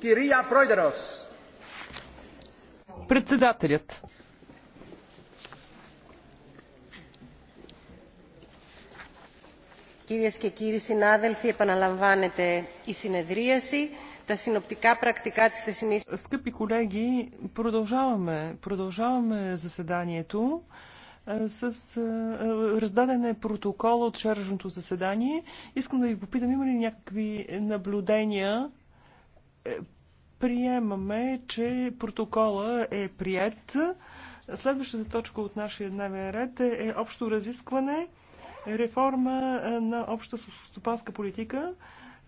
кирия Пройдерос. Председателят. Κυρίες και κύριοι συνάδελφοι, επαναλαμβάνεται η συνεδρίαση. Τα συνοπτικά πρακτικά της θεσινής... Σκύπη Скъпи προδοζάμε, προδοζάμε ζεσεντάνιε του с раздаден е протокол от вчерашното заседание. Искам да ви попитам, има ли някакви наблюдения? Е, приемаме, че протокола е прият. Следващата точка от нашия дневен ред е, е общо разискване, реформа на обща стопанска политика.